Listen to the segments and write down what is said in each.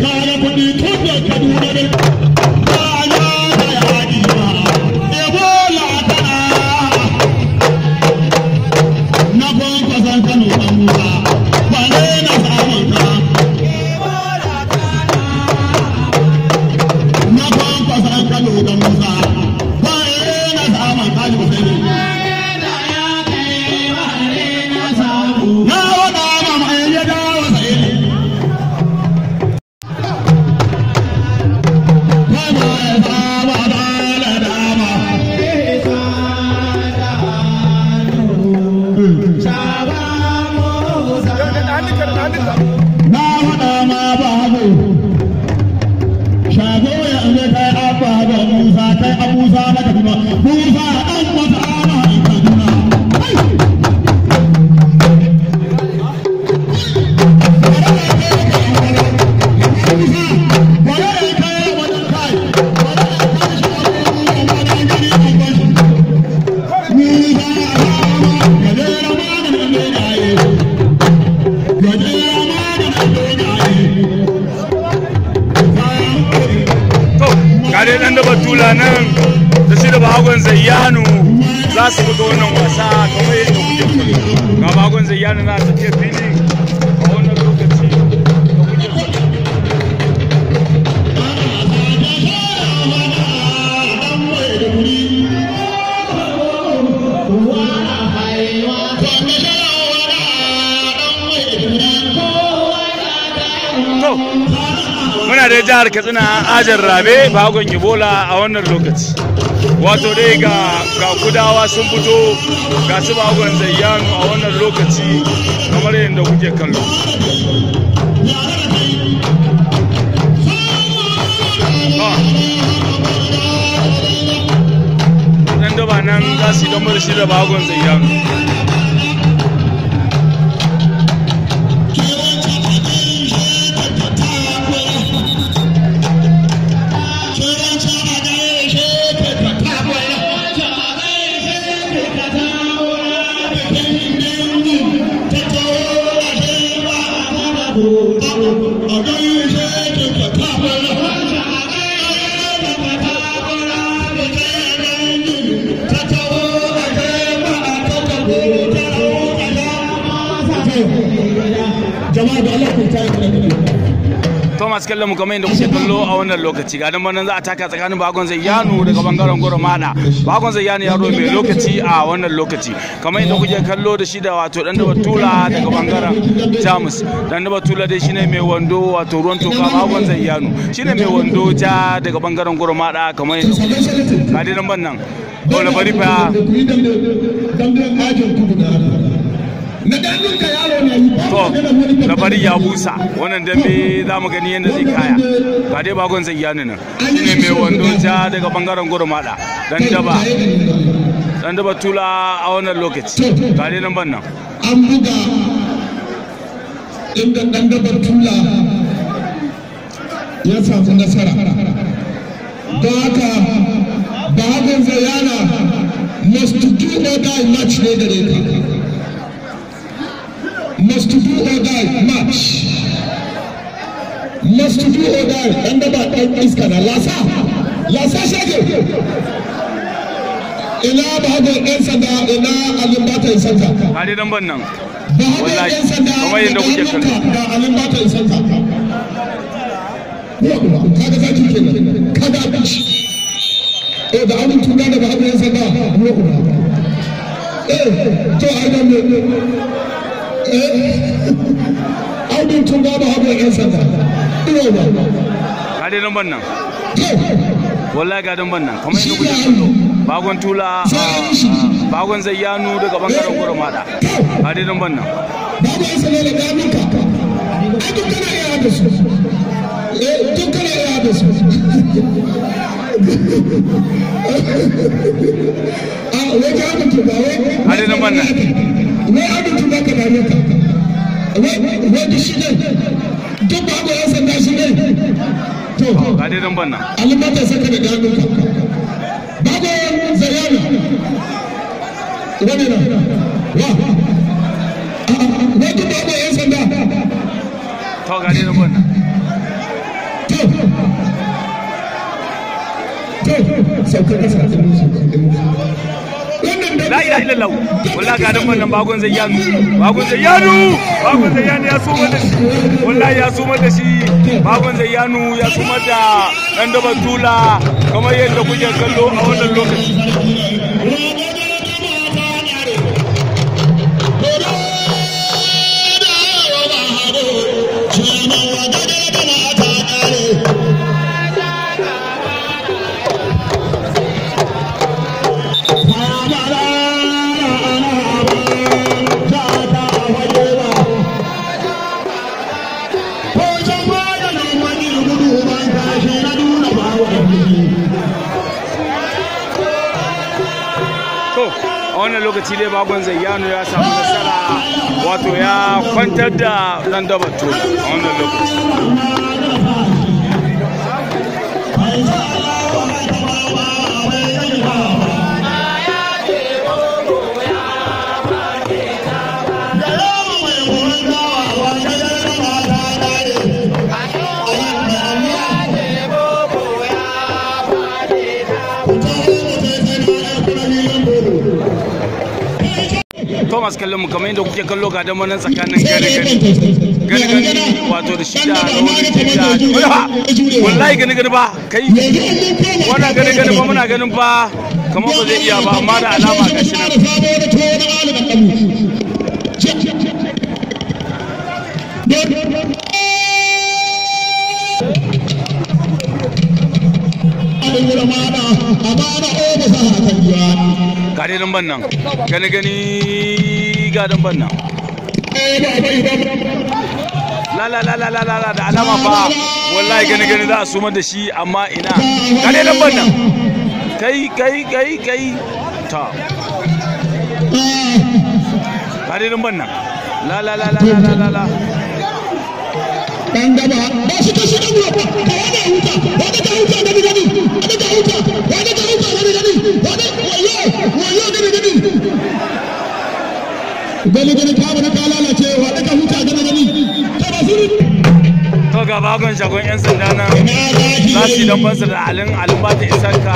kara kuɗi ko da kaduna ne da batula nan da shi da bagon zayyanu za su buga wannan wasa kawai yadda kuke ga bagon zayyanu na tafiyar fili muna da jihar katsina ajin rabe bagon ibola a wannan lokaci wato dai ga kudawa sun fito ga su bagon a wannan lokaci kamar yadda kuke kallo ah. nan za su yi don marashi da bagon zayyano. masu kallon mu kamar yadda kuke kallo a wannan lokaci ga nan za a taka tsakanin bagon zai yanu daga bangaren goro mada bagon zai yanu yaro mai lokaci a wannan lokaci kamar yadda kuke kallo da shi da wato dan daba tula daga bangaren jamus dan daba tula dai shine mai wando wato ruwan toka bagon zai yanu shine mai wando ja daga bangaren goro mada kamar yadda ga dai nan ban nan dole bari fa to labari ya busa wannan dambe za mu gani yadda zai kaya ba dai bagon zai yani nan shine mai wando ja daga bangaren gurmada dan daba dan daba tula a wannan lokaci ba dai nan ban nan an buga inda dan daba tula ya samu nasara don haka bagon zai yana must do or die match ne da ne must do or die match must do or die iska lasa lasa shage ina ba hago sanda ina alimbata isanta hadi dan ban nan sanda alimbata isanta kaga zaki kenan eh, da abin tuna da ba hago ɗan sanda eh to a audin tun ba ba haɗin yan sanda ina ba ga dai lambar nan wallahi ga lambar nan kamar yadda kuke kallo bagon tula ah, ah, bagon zayyanu daga bangaren gurin hada ga dai lambar nan babu yan sanda da gaminka a duk kana iya haɗa su eh, duk kana iya haɗa su wajen abin tubawa hali na manna ne abin tuba ka dame ka wani shi ne duk ba ga yan sanda shi ne to ga dai dan banna alimata saka da gado ka ba ga zariyana wani na wa wani ba ga yan sanda to ga dai dan banna to sauka kasa wallahi ga dan wannan bagon zayyanu bagon bagon ya soma da shi wallahi ya shi bagon ya soma da dan daba tula kamar yadda kuke kallo a wannan lokaci lokaci dai bagon zayyano ya samu nasara wato ya kwantar da landabatu a wannan lokaci Thomas kallon mu kamar yadda kuke kallo ga dama nan tsakanin gari gari gari wato da shi da rawar da wallahi gani gani ba kai wannan gani gani ba muna ganin ba kamar ba zai iya ba amma da alama ga shi nan ga dai damban nan gani gani ga nan la la la la la la da alama fa wallahi gani gani za a sumar da shi amma ina ga dai kai kai kai kai ta ga dai nan la la la la la la la dan gaba ba shi kashi da ruwa ka yana huta wanda ta huta gani gani wanda ta huta wanda ta huta gani gani wanda wayo wayo gani gani gani gani ka bari ka lalace wanda ta huta gani gani ta ba su to ga bagon shagon yan sanda na za su yi dan bansa da alin alin ba ta isar ka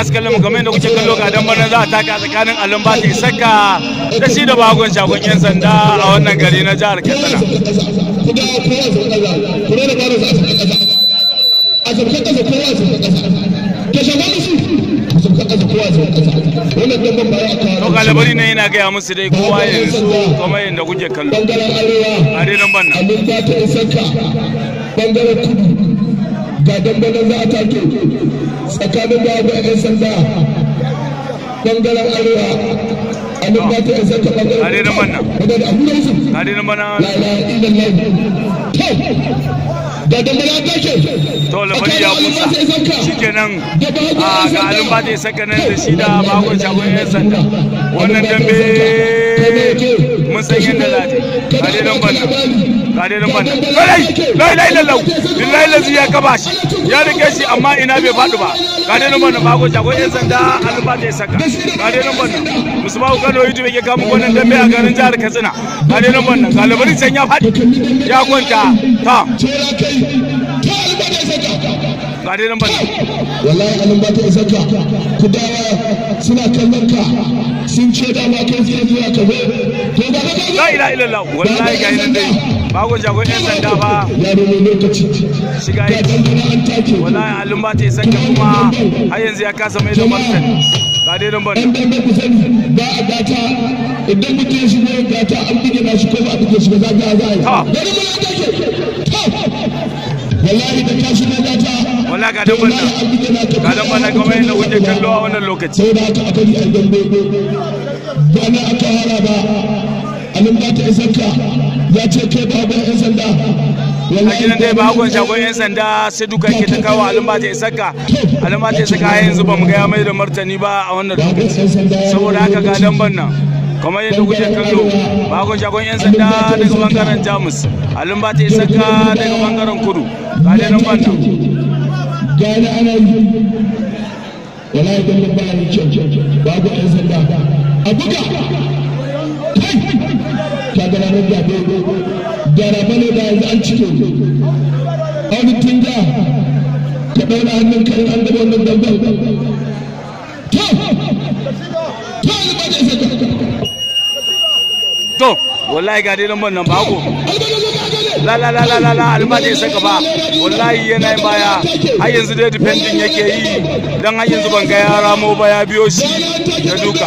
masu kallon game da kuke kallo ga dan bana za a taka tsakanin alun ba saka da shi da bagon shagon yan sanda a wannan gari na jihar katsina to galibari ne yana gaya musu dai kowa yanzu kuma yadda kuke kallo a renon banna bangaren kudu ga dambalan za a take tsakanin babu yan sanda bangaren arewa annan ba ta isa ta bangaren arewa na daga da abu kare na mana la la lai da to ya musa a ga alun ba ta isa kanan da bakon shagon yan sanda wannan dambe mun san yadda za ta yi ga ga kai lai lai lallau ya kaba shi ya rike shi amma ina bai faɗi ba ga dai nan banna bago jago yan sanda saka ga kamun gwanin dambe a garin jihar katsina ga ga labarin ya faɗi ya kwanta ta suna kallon ka sun ce dama kai la wallahi ga dai yan sanda ba shiga yi wallahi ba ta yi sanka kuma har yanzu ya kasa mai da martani ga dai don idan mutum ya shigo gata an shi ko ba a shi za za a yi wallahi da kashi na gata ga ga kallo a wannan lokaci sai akari a gambe ba aka ba abin ba ta isar ka ya ce kai ba abin yan sanda a gidan dai ba hagon shagon yan sanda sai duka ke ta kawo alin ba ta isar ka alin ba ta isar a yanzu ba mu ga ya mai da martani ba a wannan lokaci saboda haka ga damban nan kamar yadda kuke kallo bakon shagon yan sanda daga bangaren jamus alin ba ta ka daga bangaren kudu ga dai nan banna. gani ana yi wala ya dalilin bayanin ba babu yan sanda a buga shi ta gabanar da bai da raba ne da yanzu an cike ne auditin da ka ɗaura hannun kan an gaba wannan dambar to to albaje sai to wallahi ga dai lambar nan ba ko la la la la la la almadi saka ba wallahi yana baya har yanzu dai defending yake yi dan har yanzu ban ga ya ramo ba ya biyo shi da duka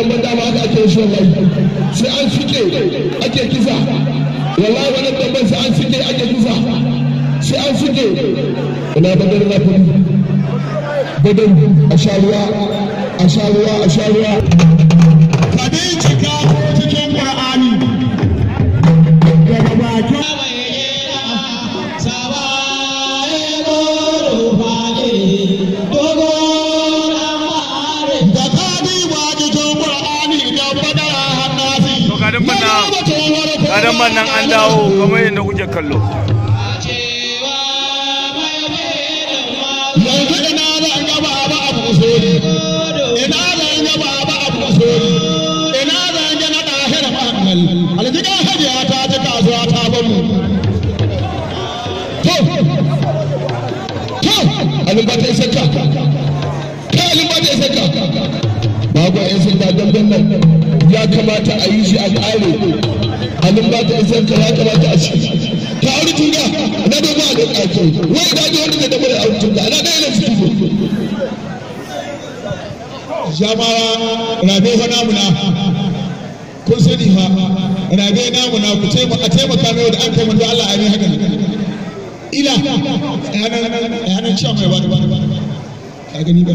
damban dama haka ake shi wallahi sai an fike ake kisa wallahi wannan sai an ake kisa sai an ina badar na badar a sharuwa a sharuwa a sharuwa damban nan an dawo kamar yadda kuke kallo Aljiga hajiya ta ji kasuwa ta bamu. To, to, alubata isa ka, ka alubata isa ka. Bago ‘yan sanda dangan nan ya kamata a yi shi a ƙare. kamin ba ta isar ka ya kamata a ci ta auri juna na dogon a ɗan ɗaki wani da wani da damar aure juna na ɗaya na ciki ne jama'a rabe fa namuna kun sani fa rabe namuna ku taimaka taimaka mai da an kai manzo Allah a mai haka ila yanan cewa mai bada bada ka gani ba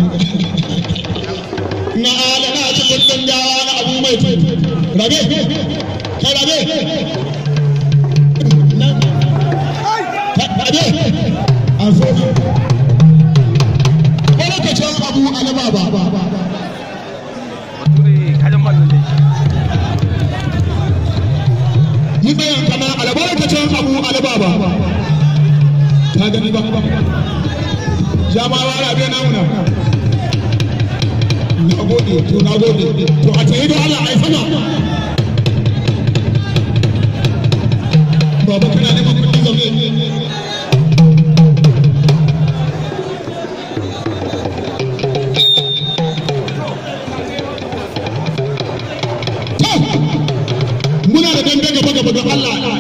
na ala na cikin dangawa na abu mai rabe ta gani na na gode to na gode to a ce ido Allah sama muna baba kana neman kuɗi zaune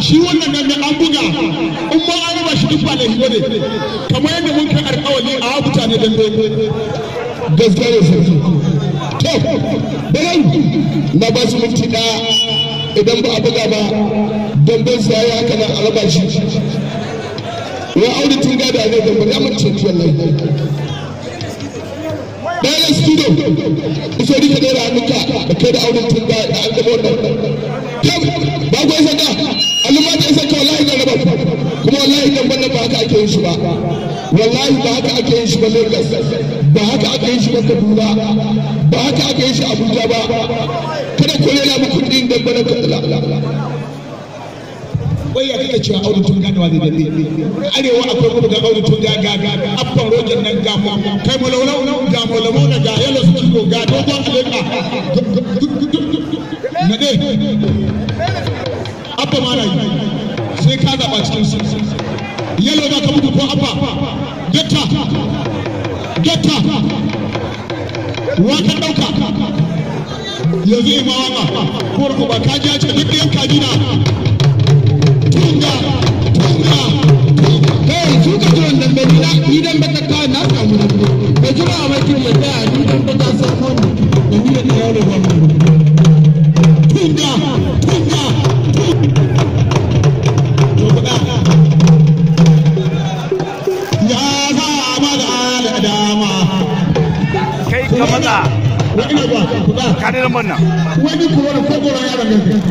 shi wannan nan da an buga in ma an ruba shi duk ba laifi bane kamar yadda mun kai alƙawari a mutane dan gaskiya ne sai to bayan na ba su minti idan ba a buga ba damben sa ya haka nan alaba wa aure tun gada zai dambe ya mace tuwon lai bayan studio iso rike da hannunka da kai da aure tun gada an gaba wannan kam ba ku isa ka alima ta isa ka wallahi na rabar kuma wallahi damben nan ba haka ake yin shi ba wallahi ba haka ake yin shi ba lagos ba haka ake yin shi ba kaduna ba haka ake yin shi abuja ba kada ku rera muku din damben kaɗan. wai ya kake cewa aure tun gane wa zai arewa akwai kuma da aure tun gaga abban rokin nan ga mu kai mu laulau ga mu lamu na ga yalo su ko ga dogon su ka na dai abba ma rai sai ka zaba cikin su yalo ba ka mutu ko abba getta getta wa ka dauka yanzu yi mawaka kurku ba kaji ya ce duk yan kadina tunga tunga kai su ka ji wannan bai idan ba na samu na bai jira a mai kirmai ta yi idan ba ta samu da ni da ta yaro ba wannan wani kuma da kogo ya yaron nan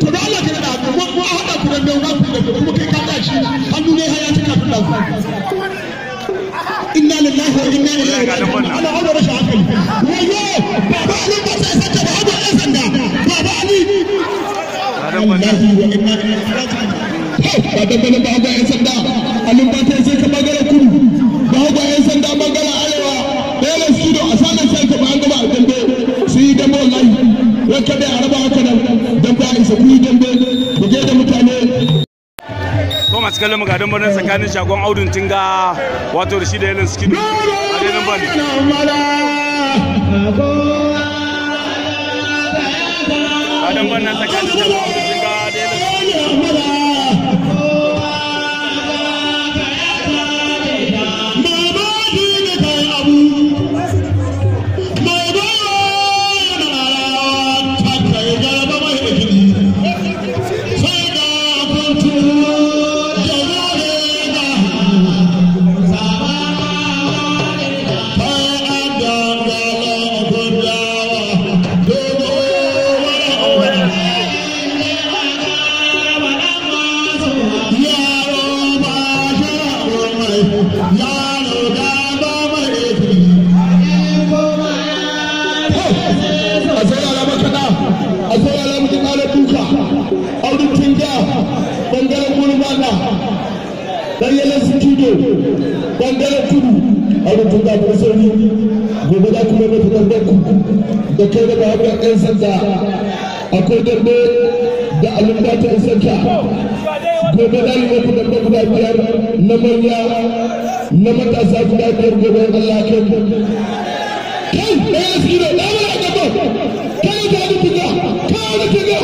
to da Allah ka da mu a hada ku da nan ba da kuma kai ka da shi hannu ne haya ta kafin lafi inna lillahi wa inna ilaihi raji'un ana ana rashin hankali wayo baba ali ba sai saka da hado ɗan sanda baba ali inna wa inna ilaihi raji'un ba dan ba ɗan sanda alin ba ta wai kada a raba haka nan don ba isa kuyi dambe mu je da mutane ko masu kallon mu ga dambe tsakanin shagon audun tinga wato da shi da yalin skidu a daidai ban tsakanin shagon audun tinga ಕುಟುಂಬ gobe ku da kai da a ɗan sanda akwai dambe da gobe guda biyar na manya na matasa guda biyar gobe da da da da